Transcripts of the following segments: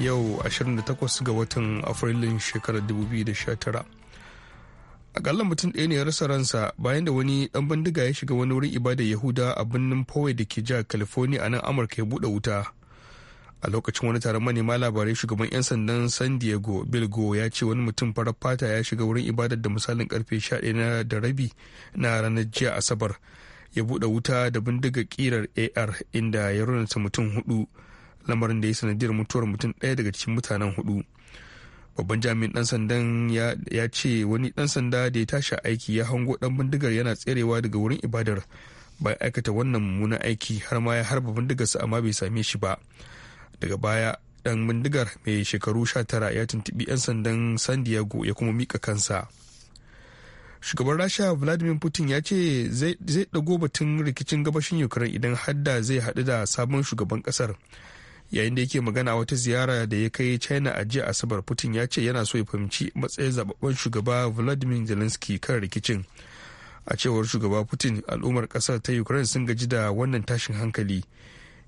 yau 28 ga watan afrilun shekarar 2019 akalla mutum ɗaya ne ya rasa ransa bayan da wani ɗan bindiga ya shiga wani wurin ibadar yahuda a birnin powai da ke jihar california a nan amurka ya buɗe wuta a lokacin wani taron manema labarai shugaban 'yan sandan san diego bilgo ya ce wani mutum farar fata ya shiga wurin ibadar da misalin karfe 11 na da rabi na ranar jiya asabar ya buɗe wuta da bindiga kirar ar inda ya runata mutum hudu lamarin da ya sanadiyar mutuwar mutum ɗaya daga cikin mutanen hudu babban jami'in ɗan sandan ya ce wani ɗan sanda da ya tashi aiki ya hango ɗan bindigar yana tserewa daga wurin ibadar bayan aikata wannan mummunan aiki har ma ya harba bindigar bindigarsa amma bai same shi ba daga baya ɗan bindigar mai shekaru 19 ya tuntubi 'yan sandan san diego ya kuma mika kansa shugaban rasha vladimir putin ya ce zai dago batun rikicin gabashin ukraine idan hadda zai haɗu da sabon shugaban ƙasar yayin da yake magana wata ziyara da ya kai china a jiya asabar putin ya ce yana so ya fahimci matsayin zababban shugaba vladimir zelensky kan rikicin a cewar shugaba putin al'ummar kasar ta ukraine sun gaji da wannan tashin hankali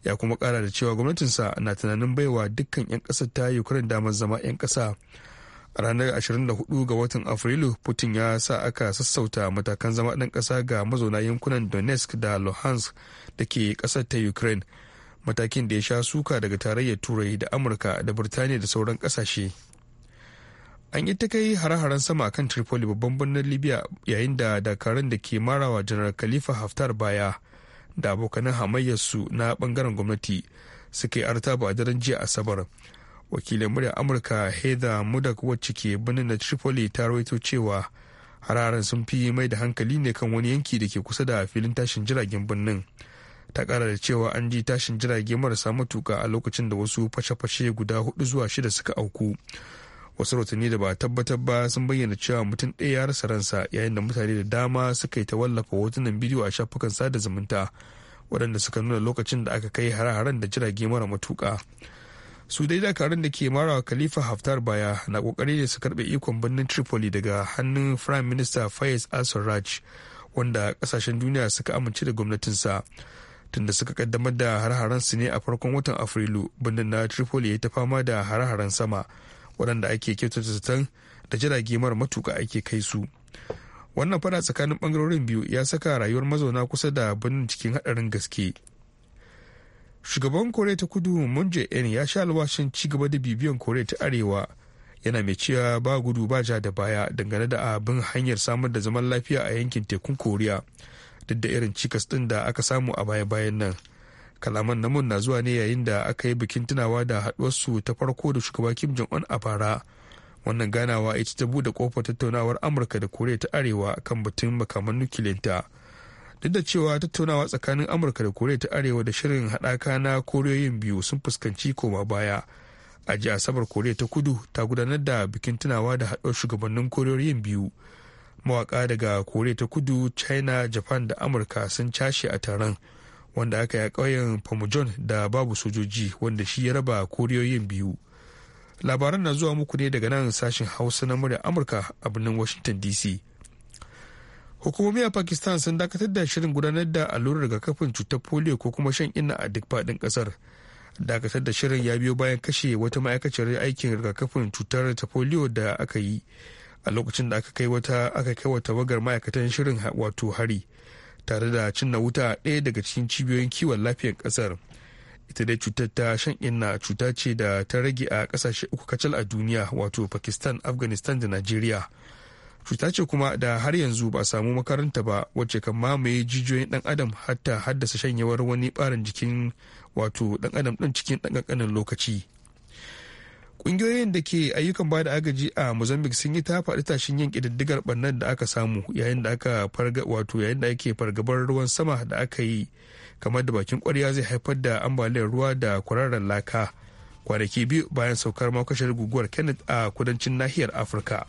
ya kuma kara da cewa gwamnatinsa na tunanin baiwa dukkan 'yan kasar ta ukraine damar zama 'yan kasa a ranar 24 ga watan afrilu putin ya sa aka sassauta matakan zama ɗan kasa ga mazauna yankunan donetsk da luhansk da ke ƙasar ta ukraine matakin da ya sha suka daga tarayyar turai da amurka da birtaniya da sauran kasashe an yi ta kai hare-haren sama kan tripoli babban birnin libya yayin da dakarun da ke marawa janar khalifa haftar baya da abokanan hamayyarsu na bangaren gwamnati suka arta artaba a daren jiya asabar wakilin murya amurka heather mudak wacce ke birnin na tripoli ta rawaito cewa hararen sun fi mai da hankali ne kan wani yanki da ke kusa da filin tashin jiragen birnin. ta kara da cewa an ji tashin jirage marasa matuka a lokacin da wasu fashe-fashe guda hudu zuwa shida suka auku wasu rotanni da ba tabbatar ba sun bayyana cewa mutum ɗaya ya rasa ransa yayin da mutane da dama suka yi ta wallafa hotunan bidiyo a shafukan sada zumunta waɗanda suka nuna lokacin da aka kai hare-haren da jirage mara matuka su dai dakarun da ke marawa khalifa haftar baya na kokari da su karbe ikon birnin tripoli daga hannun prime minister fayez al-sarraj wanda kasashen duniya suka amince da gwamnatinsa. sa tunda suka kaddamar da har su ne a farkon watan afrilu birnin na tripoli ya ta fama da hare haren sama waɗanda ake kyautata zaton da jirage mara matuka ake kai su wannan fada tsakanin bangarorin biyu ya saka rayuwar mazauna kusa da birnin cikin haɗarin gaske shugaban koriya ta kudu moon jae-in ya sha alwashin ci gaba da bibiyan koriya ta arewa yana mai cewa ba gudu ba ja da baya dangane da abin hanyar samar da zaman lafiya a yankin tekun koriya duk da irin cikas ɗin da aka samu a baya-bayan nan kalaman namun na zuwa ne yayin da aka yi bikin tunawa da haɗuwarsu ta farko da shugaba kim jong un a bara wannan ganawa ita ta bude kofar tattaunawar amurka da koriya ta arewa kan batun makaman nukiliyanta duk da cewa tattaunawa tsakanin amurka da koriya ta arewa da shirin haɗaka na koriyoyin biyu sun fuskanci koma baya a ji asabar koriya ta kudu ta gudanar da bikin tunawa da haɗuwar shugabannin koriyoyin biyu mawaka daga kore ta kudu china japan da amurka sun cashe a taron wanda aka yi a ƙauyen da babu sojoji wanda shi ya raba koriyoyin biyu labaran na zuwa muku ne daga nan sashen hausa na murya amurka a birnin washington dc hukumomi a pakistan sun dakatar da shirin gudanar da allurar rigakafin cutar polio ko kuma shan inna a duk faɗin ƙasar dakatar da shirin ya biyo bayan kashe wata ma'aikaciyar aikin rigakafin cutar ta polio da aka yi a lokacin da aka kai wata aka kai wata wagar ma'aikatan shirin wato hari tare da cinna wuta ɗaya daga cikin cibiyoyin kiwon lafiyar ƙasar ita dai cutar ta shan inna cuta ce da ta rage a kasashe uku kacal a duniya wato pakistan afghanistan da najeriya cuta ce kuma da har yanzu ba samu makaranta ba wacce kan mamaye jijiyoyin dan adam hatta haddasa shanyewar wani barin jikin wato ɗan adam ɗin cikin dan kankanin lokaci Ƙungiyoyin da ke ayyukan bada agaji a Mozambique sun yi ta faɗi tashin yin ƙididdigar ɓannar da aka samu yayin da aka farga wato yayin da ake fargabar ruwan sama da aka yi kamar da bakin ƙwarya zai haifar da ambaliyar ruwa da kwararren laka kwanaki biyu bayan saukar makashar guguwar Kenneth a kudancin nahiyar Afirka.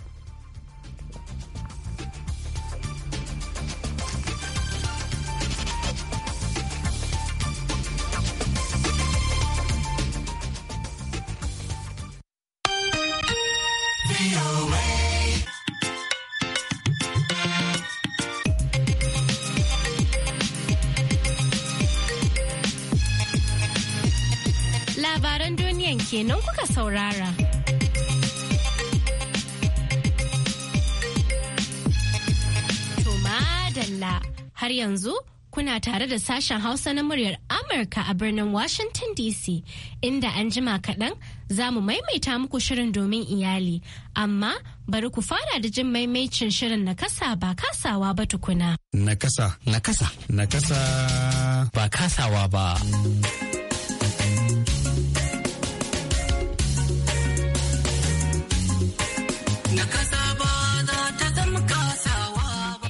saurara. Madalla har yanzu kuna tare da sashen Hausa na muryar Amurka a birnin Washington DC inda an jima kaɗan za mu maimaita muku shirin domin iyali amma bari ku fara da jin maimaicin shirin nakasa ba kasawa ba tukuna. Nakasa. Nakasa. Nakasa. Ba kasawa ba.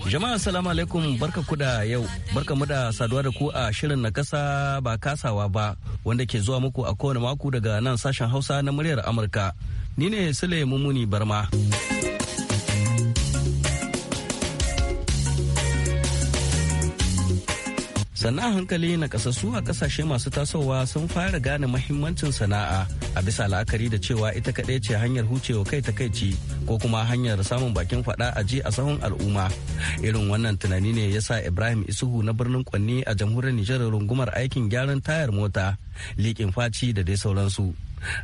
Jama'a salamu alaikum barka ku da yau barka mu da saduwa da ku a shirin na kasa ba kasawa ba wanda ke zuwa muku a kowane mako daga nan sashen hausa na muryar Amurka. Ni ne Sule Mumuni Barma. sannan hankali na kasassu a kasashe masu tasowa sun fara gane mahimmancin sana'a a bisa la'akari da cewa ita kaɗai ce hanyar hucewa kai takaici ko kuma hanyar samun bakin faɗa a ji a sahun al'umma irin wannan tunani ne ya sa ibrahim isuhu na birnin kwanni a jamhuriyar nijar rungumar aikin gyaran tayar mota liƙin faci da dai sauransu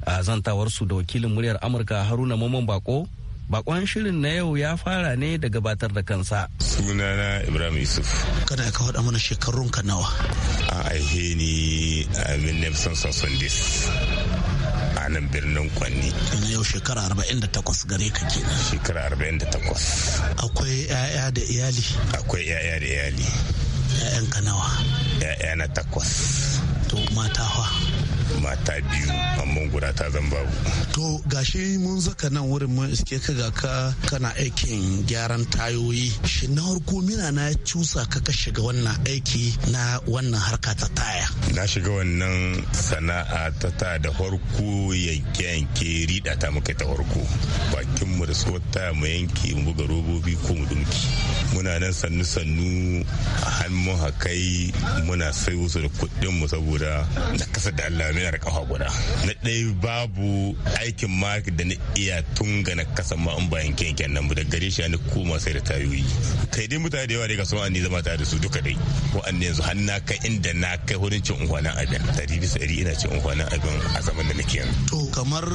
a zantawarsu da wakilin muryar amurka haruna maman bako Bakon shirin na yau ya fara ne da gabatar da kansa. Sunana Ibrahim Yusuf. Kada ka faɗa mana shekarun ka nawa. A aihe ni a Minnemson Sosondis. a nan birnin kwanni. Ina yau shekara 48 gare ka kenan. Shekara 48. Akwai 'ya'ya da iyali? Akwai 'ya'ya da iyali. 'Ya'yanka nawa? 'Ya'ya na takwas. To mata hawa mata biyu amma guda ta zan babu. To gashi mun zaka nan wurin mun iske ka ga ka kana aikin gyaran tayoyi shi na harko mina na cusa ka ka shiga wannan aiki na wannan harka ta taya. Na shiga wannan sana'a ta ta da farko yanke yanke riɗa ta muka ta farko bakin mu da tsohon taya mu yanke mu buga robobi ko mu dunki. Muna nan sannu sannu a hannun hakai muna sai wasu da kuɗin mu saboda na kasa da Allah yana da kafa guda na ɗaya babu aikin ma da na iya tun na kasa ma in bayan kenken nan da gare shi ni koma sai da tayoyi kai dai mutane da yawa ne ga sama ni zama tare da su duka dai wa'anne yanzu har na kai inda na kai wurin cin unkwanan abin dari bisa ɗari ina cin unkwanan abin a zaman da nake yanzu. to kamar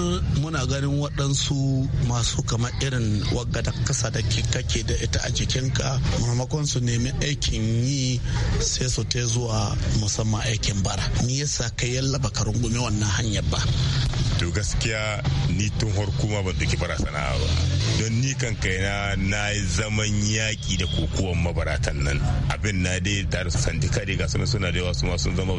muna ganin waɗansu masu kamar irin wagga da kasa da kake da ita a jikinka maimakon su nemi aikin yi sai su ta zuwa musamman aikin bara ni yasa kai yalla bakarun rungume wannan hanyar ba to gaskiya ni tun kuma ban duki bara sana'a ba don ni kan kaina na zaman yaƙi da kokowar mabaratan nan abin na dai tare sandika dai ga suna suna da yawa su zama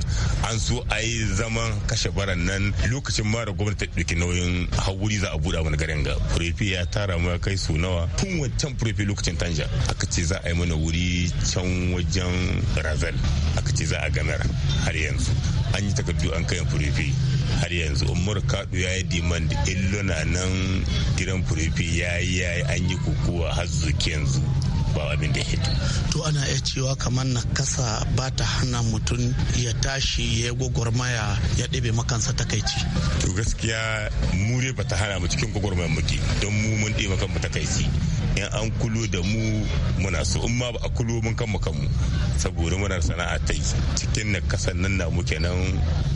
an so a yi zaman kashe baran nan lokacin mara gwamnati ta ɗauki nauyin hauri za a buɗa mana garin ga furefe ya tara mu kai su nawa tun wancan furefe lokacin tanja aka ce za a yi mana wuri can wajen razal aka ce za a gamar har yanzu an yi takardu an kai furefe har yanzu umar kadu ya yi da illuna nan gidan furifi ya yi an yi kukuwa har yanzu ba abin da hito to ana iya cewa kamar na kasa ba ta hana mutum ya tashi ya gwagwarmaya ya ɗebe makansa takaici to gaskiya mu dai ba ta hana mu cikin gwagwarmayar muke don mu mun ɗebe kanmu takaici in an kulo da mu muna so in ma ba a kulo mun kan mu kanmu saboda muna sana'a ta yi cikin na kasan nan namu kenan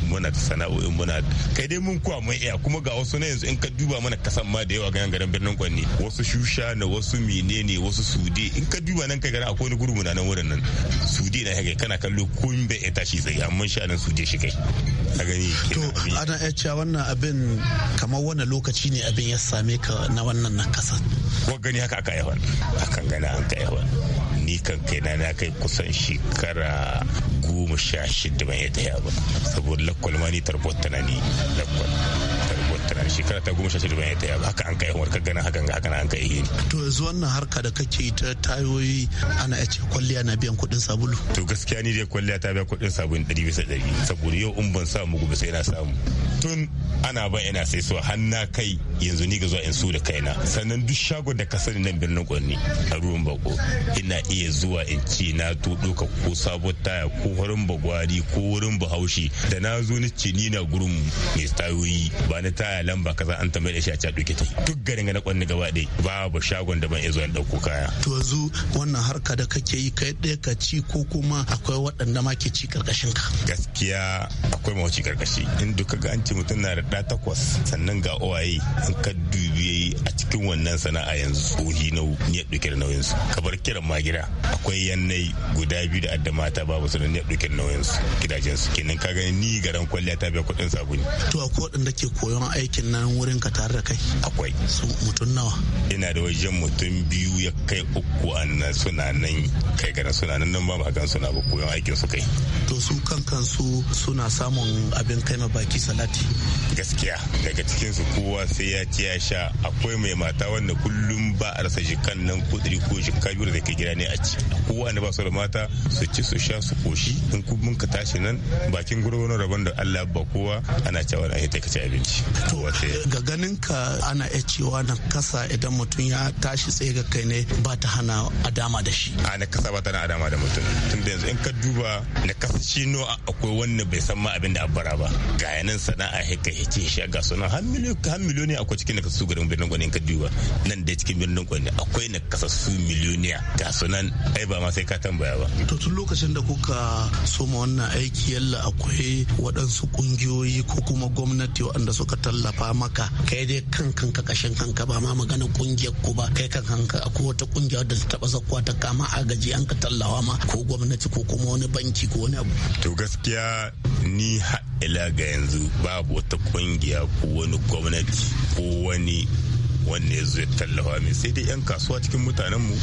muna ta sana'o'in muna kai dai mun kuwa mun iya kuma ga wasu na yanzu in ka duba mana kasan ma da yawa ganin garin birnin kwanni wasu shusha na wasu menene wasu sude in ka duba nan kai gana akwai wani gurbin na nan wurin nan sude na kai kana kallo ko in bai ya tashi tsaye amma shi anan sude shi kai a gani to ana iya cewa wannan abin kamar wannan lokaci ne abin ya same ka na wannan na kasa ko gani haka aka yawan akan gana an ka yawan ni kan kai na na kai kusan shekara goma sha shida ban ya ta yawa saboda lakwal ma ni tarbota na ni lakwal kana shekara ta goma sha shida ban ya taya haka an kai ka gana hakan ga hakan an kai ni to yanzu wannan harka da kake ta tayoyi ana iya ce kwalliya na biyan kuɗin sabulu to gaskiya ni dai kwalliya ta biya kuɗin sabulu ɗari bisa ɗari saboda yau in ban samu gobe sai na samu tun ana ba ina sai so har na kai yanzu ni ga zuwa in su da kaina sannan duk shagon da ka sani nan birnin kwanni a ruwan bako ina iya zuwa in ce na to doka ko sabon taya ko wurin bagwari ko wurin bahaushe da na zo ni ce ni na gurin mai tayoyi ba na taya lamba kaza an tambaye shi a ca duke ta duk garin ga na kwanni gaba ba babu shagon da ban izo in dauko kaya. To yanzu wannan harka da kake yi kai ɗaya ka ci ko kuma akwai waɗanda ma ke ci karkashin ka. Gaskiya akwai mawaci karkashi in duka ga an ci mutum na da takwas sannan ga uwaye an ka dubi yin wannan sana'a yanzu tsohi na ya ɗauke da nauyin kabar kiran ma gida akwai yannai guda biyu da adda mata babu su da ya ɗauke da nauyin su gidajen su kenan ka gani ni garan kwalliya ta biya kuɗin sabuni. to akwai waɗanda ke koyon aikin nan wurin ka tare da kai. akwai. su mutum nawa. ina da wajen mutum biyu ya kai uku a nan suna nan kai garan suna nan nan ba ba gan suna ba koyon aikin su kai. to su kan su suna samun abin kai ma baki salati. gaskiya daga cikinsu kowa sai ya ci ya sha akwai mai mata wanda kullum ba a rasa jikan nan ko ɗari ko jikka biyu da ke gida ne a ci kowa ba su da mata su ci su sha su koshi in kun ka tashi nan bakin gurgunan rabon da Allah ba kowa ana cewa na ta kace abinci to ga ganin ka ana iya cewa na kasa idan mutum ya tashi tsaye ga kai ne ba ta hana adama da shi a na kasa ba ta hana adama da mutum tun da yanzu in ka duba na kasa shi no akwai wanda bai san ma abin da abbara ba ga yanin sana'a hika hike shi ga sunan har miliyoyi akwai cikin da su garin birnin gwanin ka duba ba nan da cikin birnin kwanne akwai na kasassu miliyoniya ga sunan ai ba ma sai ka tambaya ba to tun lokacin da kuka soma wannan aiki yalla akwai waɗansu ƙungiyoyi ko kuma gwamnati waɗanda suka tallafa maka kai dai kan kanka kashin kanka ba ma magana kungiyar ku ba kai kan kanka akwai wata ƙungiya da ta taba zakwa ta kama agaji an ka tallawa ma ko gwamnati ko kuma wani banki ko wani abu to gaskiya ni ila ga yanzu babu wata ƙungiya ko wani gwamnati ko wani wanne ya zo ya tallafa mai sai dai yan kasuwa cikin mutanen mu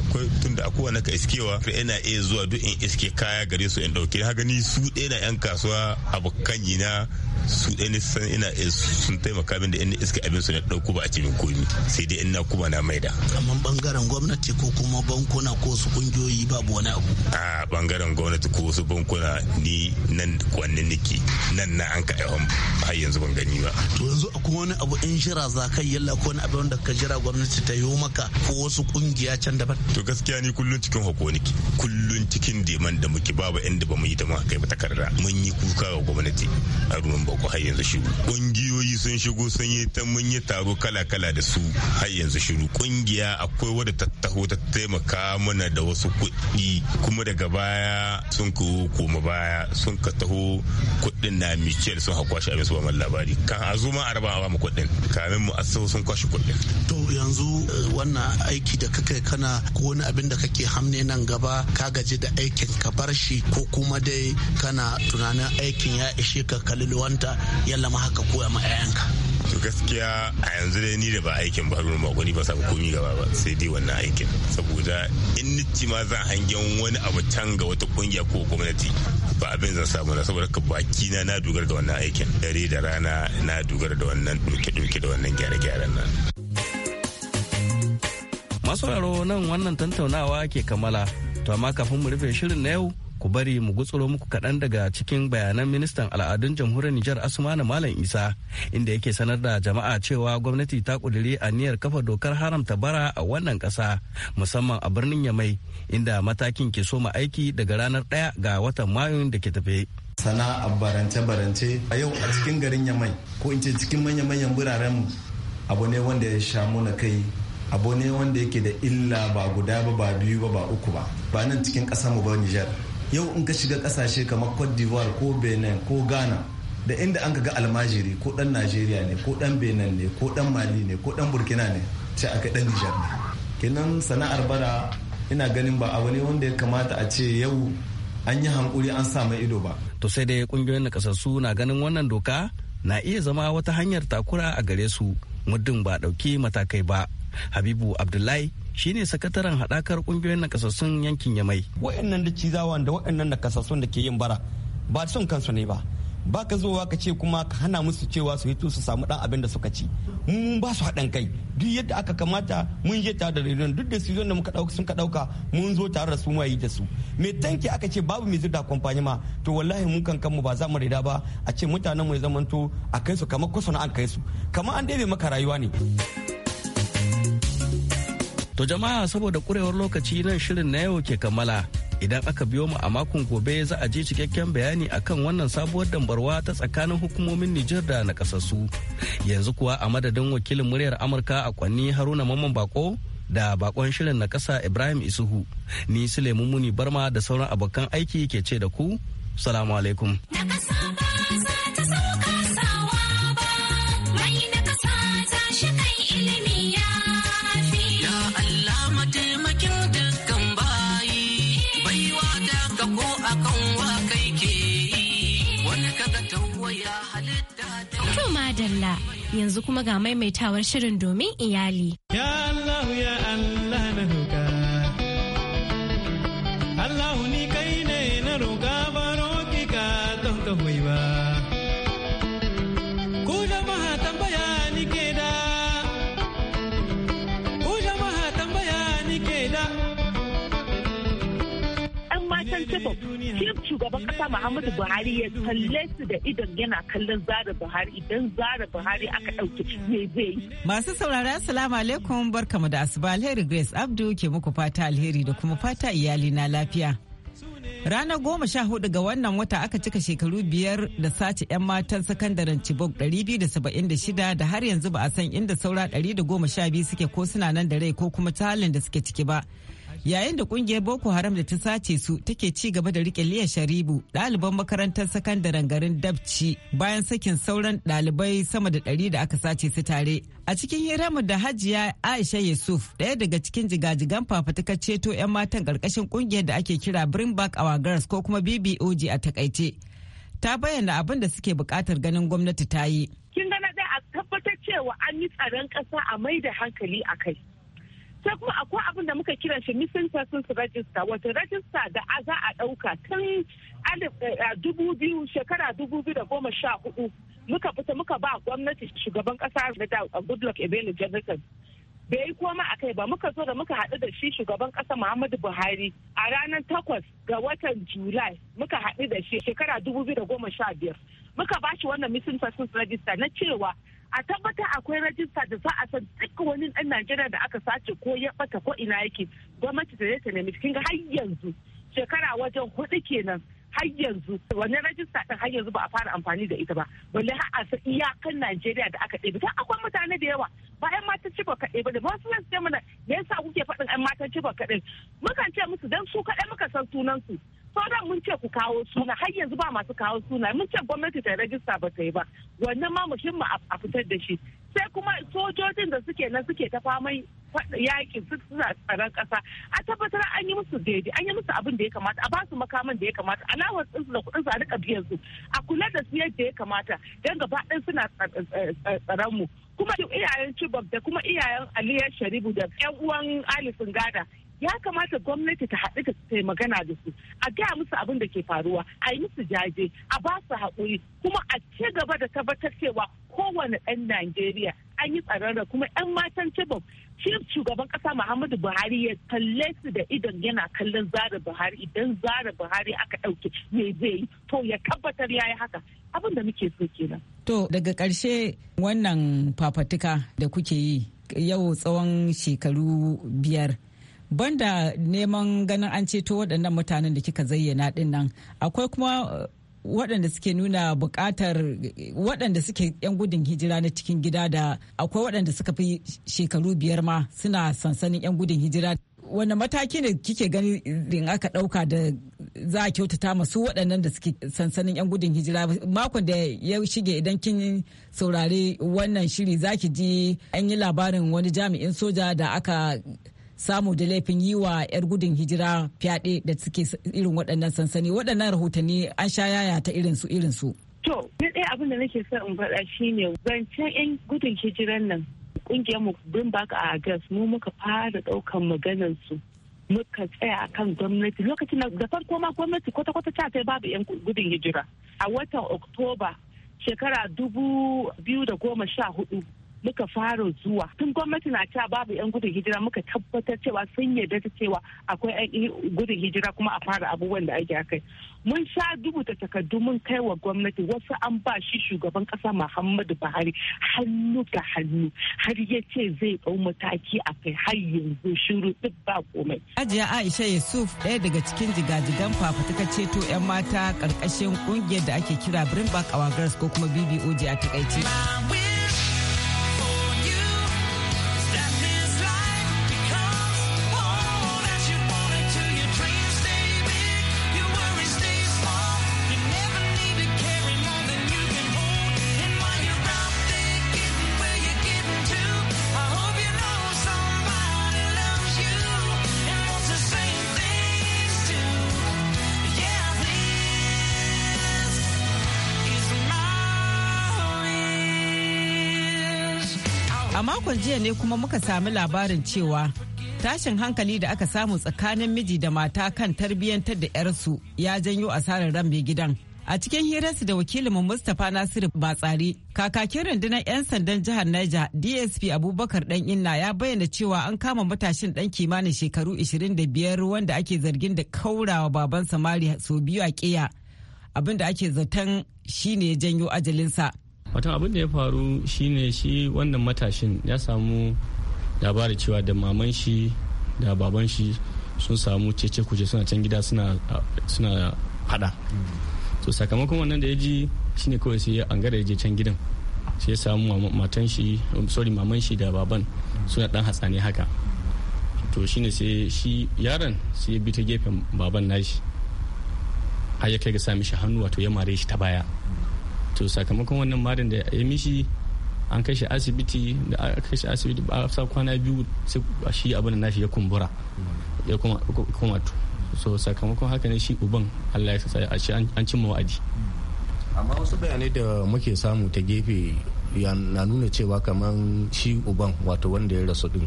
akwai tunda akwai wani ka iskewa Yana iya zuwa duk in iske kaya gare su in dauke ha gani su ɗaya na yan kasuwa abokan na su ɗaya san ina eh, sun taimaka min da ina iska abin su na ɗauko ba a cikin komi sai dai ina kuma na maida. amma bangaren gwamnati ko kuma bankuna ko su kungiyoyi babu wani abu. A bangaren gwamnati ko su bankuna ni nan kwanne niki nan na an ka a har yanzu ban gani ba. To yanzu akwai wani abu in jira za ka yi yalla ko wani abu wanda ka jira gwamnati ta yi maka ko wasu kungiya can daban. To gaskiya ni kullum cikin hako niki kullum cikin deman da muke babu inda ba mu yi da mu kai ba takarda mun yi kuka ga gwamnati a ruwan ba uku har yanzu shi ƙungiyoyi sun shigo sun yi ta mun yi taro kala-kala da su har yanzu shiru kungiya akwai wadda ta taho ta taimaka mana da wasu kuɗi kuma daga baya sun ku koma baya sun ka taho kuɗin na michel sun hakwa shi a su ba labari kan a zo ma a raba ba mu kuɗin kamin mu asahu sun kwashe kuɗin. to yanzu eh, wannan aiki da kakai kana ko wani abin da kake hamne nan gaba ka gaji da aikin ka bar shi ko kuma dai kana tunanin aikin ya ishe ka kalilwanta yalla ma haka koya ma 'ya'yan haka to gaskiya a yanzu dai ni da ba aikin ba ruwan mako ni ba samu komi gaba ba sai dai wannan aikin saboda in nici ma zan hangen wani abu can ga wata kungiya ko gwamnati ba abin zan samu na saboda ka baki na na dogar da wannan aikin dare da rana na dogar da wannan doke-doke da wannan gyare gyaran nan raro nan wannan tantaunawa ke kammala to amma kafin mu rufe shirin na yau ku bari mu gutsuro muku kaɗan daga cikin bayanan ministan al'adun jamhuriyar Nijar Asmanu Malam Isa inda yake sanar da jama'a cewa gwamnati ta ƙudiri aniyar kafa dokar haramta bara a wannan ƙasa musamman a birnin Yamai inda matakin ke soma aiki daga ranar ɗaya ga watan Mayun da ke tafe. Sana'a barance-barance a yau a cikin garin Yamai ko in ce cikin manya-manyan birarenmu abu ne wanda ya sha muna kai abu ne wanda yake da illa ba guda ba ba biyu ba ba uku ba ba nan cikin mu ba Nijar. yau in ka shiga kasashe kamar cote d'ivoire ko benin ko ghana da inda an ga almajiri ko dan najeriya ne ko dan benin ne ko dan mali ne ko dan burkina ne sai aka dan nijar ne kenan sana'ar bara ina ganin ba abu ne wanda ya kamata a ce yau an yi hankuri an samu ido ba to sai dai kungiyoyin nakasassu na ganin wannan doka na iya zama wata hanyar takura a gare su muddin ba dauki matakai ba habibu abdullahi shine sakataren haɗakar kungiyoyin nakasassun yankin Yamai. Wa'annan da cizawan da wa'annan nakasassun da ke yin bara ba son kansu ne ba. Ba ka zowa ka ce kuma ka hana musu cewa su hito su samu ɗan abin da suka ci. Mun ba su haɗin kai duk yadda aka kamata mun je tare da rayuwar duk da sizon da muka ɗauka sun ka ɗauka mun zo tare da su mu yi da su. Me tanki aka ce babu mai zuda kwamfani ma to wallahi mun kan kanmu ba za mu rida ba a ce mutanen mu ya zamanto a kai su kamar kusa na an kai su kamar an daibe maka rayuwa ne. To jama'a saboda kurewar lokaci nan shirin na yau ke kammala. Idan aka biyo mu a makon gobe za a je cikakken bayani akan wannan sabuwar dambarwa ta tsakanin hukumomin Nijar da na kasassu. Yanzu kuwa a madadin wakilin muryar Amurka a kwanni Haruna Mamman Bako da bakon shirin na kasa Ibrahim Isuhu. Ni Suleiman Muni Barma da sauran abokan aiki ke ce da ku. Salamu alaikum. Allah yanzu kuma ga maimaitawar shirin domin iyali. Ya Allah ya Allah. shugaban kasa Muhammadu Buhari ya kalle su da idan yana kallon Zara Buhari idan Zara Buhari aka ɗauki me zai yi. Masu saurara assalamu alaikum barkamu da asuba alheri Grace Abdu ke muku fata alheri da kuma fata iyali na lafiya. Ranar goma sha hudu ga wannan wata aka cika shekaru biyar da sace 'yan matan sakandaren Chibok 276 da har yanzu ba a san inda saura 112 suke ko suna nan da rai ko kuma talin da suke ciki ba. yayin da kungiyar boko haram da ta sace su take ci gaba da rike liya sharibu ɗaliban makarantar sakandaren garin dabci bayan sakin sauran ɗalibai sama da ɗari da aka sace su tare a cikin mu da hajiya aisha yusuf ɗaya daga cikin jigajigan fafutukar ceto 'yan matan ƙarƙashin kungiyar da ake kira bring back our girls ko kuma bbog a takaice ta bayyana abin da suke buƙatar ganin gwamnati ta yi kin ga na a tabbatar cewa an yi tsaron ƙasa a mai da hankali a kai sai kuma akwai abin da muka kira shi missing persons register wato register da a za a ɗauka tun eh, dubu biyu shekara dubu biyu da goma sha hudu muka fita muka ba gwamnati shugaban kasa da eh, goodluck ebele jonathan bai yi koma a kai ba muka zo da muka haɗu da shi shugaban ƙasa muhammadu buhari a ranar takwas ga watan julai muka haɗu da shi shekara dubu biyu da goma sha biyar muka ba shi wannan missing persons register na cewa a tabbatar akwai rajista da za a san duk wani ɗan Najeriya da aka sace ko ya bata ko ina yake gwamnati da ta nemi kin har yanzu shekara wajen hudu kenan har yanzu wannan rajista ɗin har yanzu ba a fara amfani da ita ba balle har a san iyakan Najeriya da aka ɗebe ta akwai mutane da yawa ba 'yan matan ci ba kaɗai ba da ba su ce mana me yasa kuke faɗin 'yan matan ci ba kaɗai mukan ce musu dan su kaɗai muka san sunan su so da mun ce ku kawo suna har yanzu ba masu kawo suna mun ce gwamnati ta rajista ba ta yi ba wannan ma muhimmi a fitar da shi sai kuma sojojin da suke nan suke ta fama yaƙi suna tsaron kasa a tabbatar an yi musu daidai an yi musu abin da ya kamata a basu makaman da ya kamata alawar ɗinsu da kuɗin su a rika biyan su a kula da su yadda ya kamata don gaba ɗin suna tsaron mu kuma iyayen cibab da kuma iyayen Aliyar Sharibu da 'yan uwan Ali gada. ya kamata gwamnati ta haɗu ta magana da su a gaya musu abin da ke faruwa a yi musu jaje a ba su haƙuri kuma a ci gaba da tabbatar cewa kowane ɗan najeriya an yi tsararra kuma ɗan matan cibin cif shugaban ƙasa muhammadu buhari ya kalle su da idon yana kallon zara buhari idan zara buhari aka ɗauke me zai yi to ya tabbatar ya yi haka abin da muke so kenan. to daga ƙarshe wannan fafatuka da kuke yi yau tsawon shekaru biyar banda neman ganin an ceto waɗannan mutanen da kika zayyana ɗin nan akwai kuma uh, waɗanda suke nuna buƙatar waɗanda suke 'yan gudun hijira na cikin gida da akwai waɗanda suka fi shekaru biyar ma suna sansanin 'yan gudun hijira wanda mataki ne kike gani din aka ɗauka da za a kyautata masu waɗannan da suke sansanin 'yan gudun hijira makon da ya shige idan kin saurari wannan shiri za ki ji an yi labarin wani jami'in soja da aka samu da laifin yi wa 'yar gudun hijira fyaɗe da suke irin waɗannan sansani waɗannan rahotanni an sha yaya ta irinsu irinsu. To, ni ɗaya abin da nake son in faɗa shine zancen 'yan gudun hijiran nan ƙungiyar mu bin a gas mu muka fara ɗaukan maganar su muka tsaya a kan gwamnati lokacin da farko ma gwamnati kwata-kwata ta kai babu 'yan gudun hijira a watan Oktoba shekara dubu biyu da goma sha hudu muka fara zuwa tun gwamnati na cewa babu yan gudun hijira muka tabbatar cewa sun yarda da cewa akwai yan gudun hijira kuma a fara abubuwan da ake akai mun sha dubu da takardu mun kai wa gwamnati wasu an ba shi shugaban kasa muhammadu buhari hannu ga hannu har ya ce zai dau mataki a kai har yanzu shiru duk ba komai. ajiya aisha yusuf ɗaya daga cikin jigajigan fafutuka ceto 'yan mata karkashin kungiyar da ake kira brimback our girls ko kuma bboj a takaice. ne kuma muka sami labarin cewa tashin hankali da aka samu tsakanin miji da mata kan tarbiyyantar da 'yarsu ya janyo asarar ran mai gidan. A cikin hirarsu da wakilinmu Mustapha Nasiru Batsari, kakakin rundunar 'yan sandan jihar Niger DSP Abubakar Dan Inna ya bayyana cewa an kama matashin dan kimanin shekaru 25 wanda ake zargin da kaurawa baban samari sau biyu a keya abinda ake zaton shine janyo ajalinsa. wata abin da ya faru shine shi wannan matashin ya samu labarin cewa da maman shi da baban shi sun samu cece kuje suna can gida suna fada to sakamakon wannan da ya ji shine kawai sai an gara je can gidan sai ya samu matan shi sorry maman shi da baban suna dan hatsani haka to shine sai shi yaron sai ya bi ta gefen baban nashi har ya kai ga sami shi hannu wato ya mare shi ta baya to sakamakon wannan marin da ya mishi an kashe asibiti da aka asibiti ba a kwana biyu sai shi abin da nashi ya kumbura ya kuma to so sakamakon haka ne shi uban Allah ya sa a ce an cimma wa'adi amma wasu bayanai da muke samu ta gefe na nuna cewa kamar shi uban wato wanda ya rasu din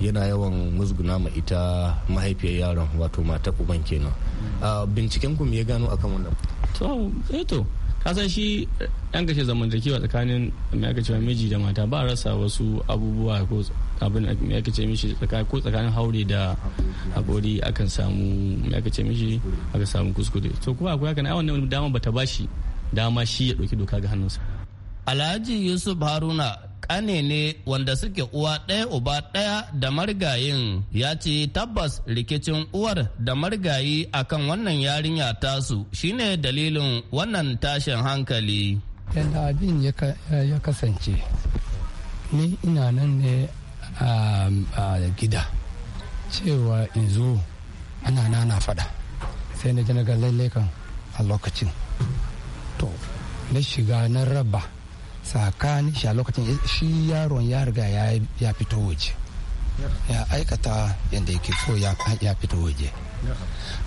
yana yawan musguna ma ita mahaifiyar yaron wato mata uban kenan binciken ku me ya gano akan wannan to eh kasan shi yan eh, kashe zamantakewa tsakanin mai aka cewa miji da mata ba a rasa wasu abubuwa ko abin mai aka ce mishi ko tsakanin haure da haƙori akan samu mai aka ce mishi aka samu kuskure to kuma akwai hakan ai wannan dama bata bashi dama shi ya ɗauki doka ga hannunsa alhaji yusuf haruna kanene wanda suke uwa ɗaya uba ɗaya da marigayin ya ce tabbas rikicin uwar da marigayi akan wannan yarinya tasu shine dalilin wannan tashin hankali. Yadda abin ya kasance ni ina nan ne a gida cewa in zo ana nana fada sai na ji na a lokacin to na shiga na raba Sakani shi a lokacin shi yaron ya riga ya fito waje ya aikata yadda yake so ya fito waje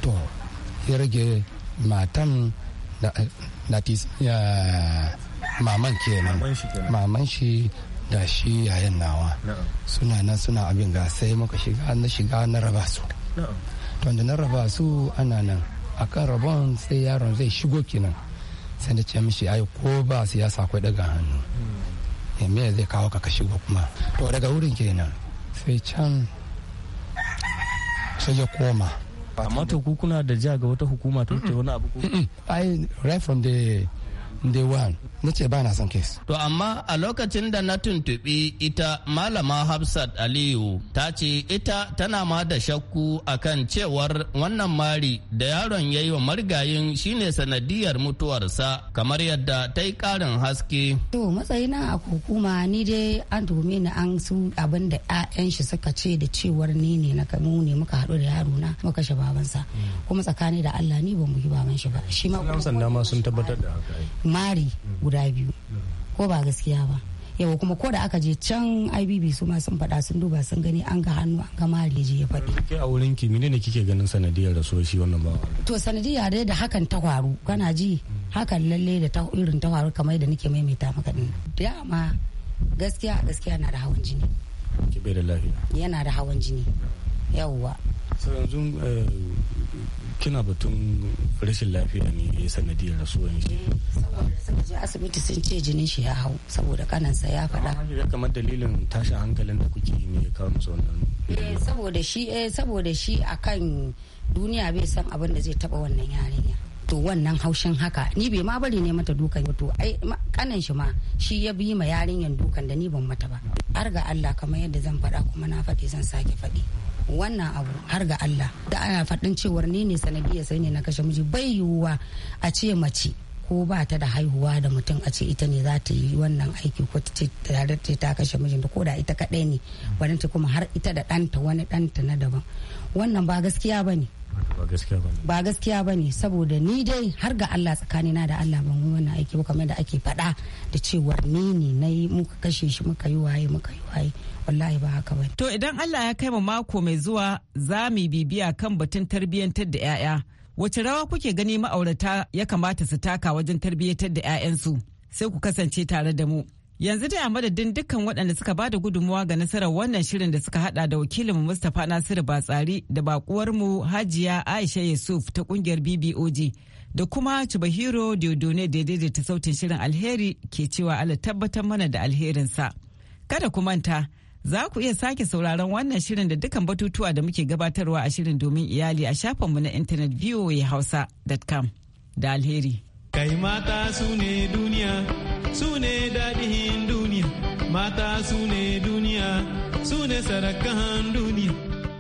to ya rage matan maman kenan maman shi da shi yayan nawa suna nan suna abin ga sai muka shiga na shiga na raba su to da na raba su ana nan akan rabon sai yaron zai shigo kenan sai na ce mishi ai ko ba siyasa akwai daga hannu hmm. eh, me zai kawo ka kashi kuma to daga wurin kenan sai can sai ya koma amma to kuna da ja ga wata hukuma ta wuce wani abu ko ai right from the day one na ce ba na son kes. To amma a lokacin da na tuntuɓi ita malama Hafsat Aliyu ta ce ita tana ma da shakku a kan cewar wannan mari da yaron ya yi wa marigayin shine sanadiyar mutuwarsa kamar yadda ta yi ƙarin haske. To matsayina a hukuma ni dai an dome ni an su abin da 'ya'yan shi suka ce da cewar ni ne na kamu ne muka haɗu da yaro na muka kashe babansa mm. kuma tsakani da Allah ni ban yi baban shi ba. Shi ma sun tabbatar da haka. mari guda biyu ko ba gaskiya ba yawa kuma ko da aka je can ibb su ma sun faɗa sun duba sun gani an ga hannu an ga mari je ya faɗi ke a wurin ki mene ne kike ganin sanadiyar rasuwar shi wannan ba to sanadiyar dai da hakan ta faru kana ji hakan lalle da ta irin ta faru kamar da nake maimaita maka din dama gaskiya gaskiya na da hawan jini ki bai da lafiya yana da hawan jini yawwa sai yanzu eh, kina batun rashin lafiya ne ya sanadiyar rasuwan eh, shi je asibiti sun ce jinin shi ya hau saboda kanansa ya faɗa kamar dalilin tashin hankalin da kuke ne ya kawo musu wannan eh, eh, saboda shi a kan duniya bai san abin da zai taba wannan yarinya to wannan haushin haka ni bai ma bari ne mata dukan to ai kanan shi ma shi ya bi ma yarinyan dukan da ni ban mata ba har ga Allah kamar yadda zan faɗa kuma na faɗi zan sake faɗi wannan abu har ga Allah da ana faɗin cewar ni ne sanadiyar sai ne na kashe miji bai yiwuwa a ce mace ko ba ta da haihuwa da mutum a ce ita ne za ta yi wannan aiki ko ta ce ta kashe mijinta ko da ita kaɗai ne barin ta kuma har ita da ɗanta wani ɗanta na daban wannan ba gaskiya ba ba gaskiya ba ne saboda ni dai har ga Allah tsakanina da Allah ban yi wannan aiki ba kamar da ake faɗa da cewar ni ne na yi muka kashe shi muka yi waye muka yi waye wallahi ba haka bane to idan Allah ya kai mu mako mai zuwa za mu bibiya kan batun tarbiyyantar da 'ya'ya wace rawa kuke gani ma'aurata ya kamata su taka wajen tarbiyyantar da 'ya'yansu sai ku kasance tare da mu yanzu dai da madadin dukkan waɗanda suka ba da gudunmuwa ga nasarar wannan shirin da suka hada da wakilinmu mustapha nasiru batsari da mu hajiya aisha yusuf ta kungiyar bboj da kuma Chubahiro Diodone da ta sautin shirin alheri ke cewa Allah tabbatar mana da alherinsa. Kada ku manta, Za ku iya sake sauraron wannan shirin da dukkan batutuwa da muke gabatarwa a shirin domin iyali a shafinmu na intanet voahausa.com da alheri. Kai mata su ne duniya, su ne daɗin duniya, mata su ne duniya, su ne sarakan duniya.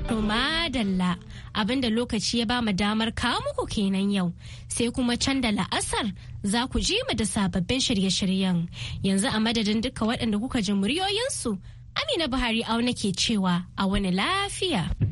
To madalla abinda lokaci ya ba mu damar kawo muku kenan yau sai kuma can da la'asar za ku ji mu da sababbin shirye-shiryen yanzu a madadin duka waɗanda kuka ji muryoyinsu Amina Buhari auna ke cewa a wani lafiya.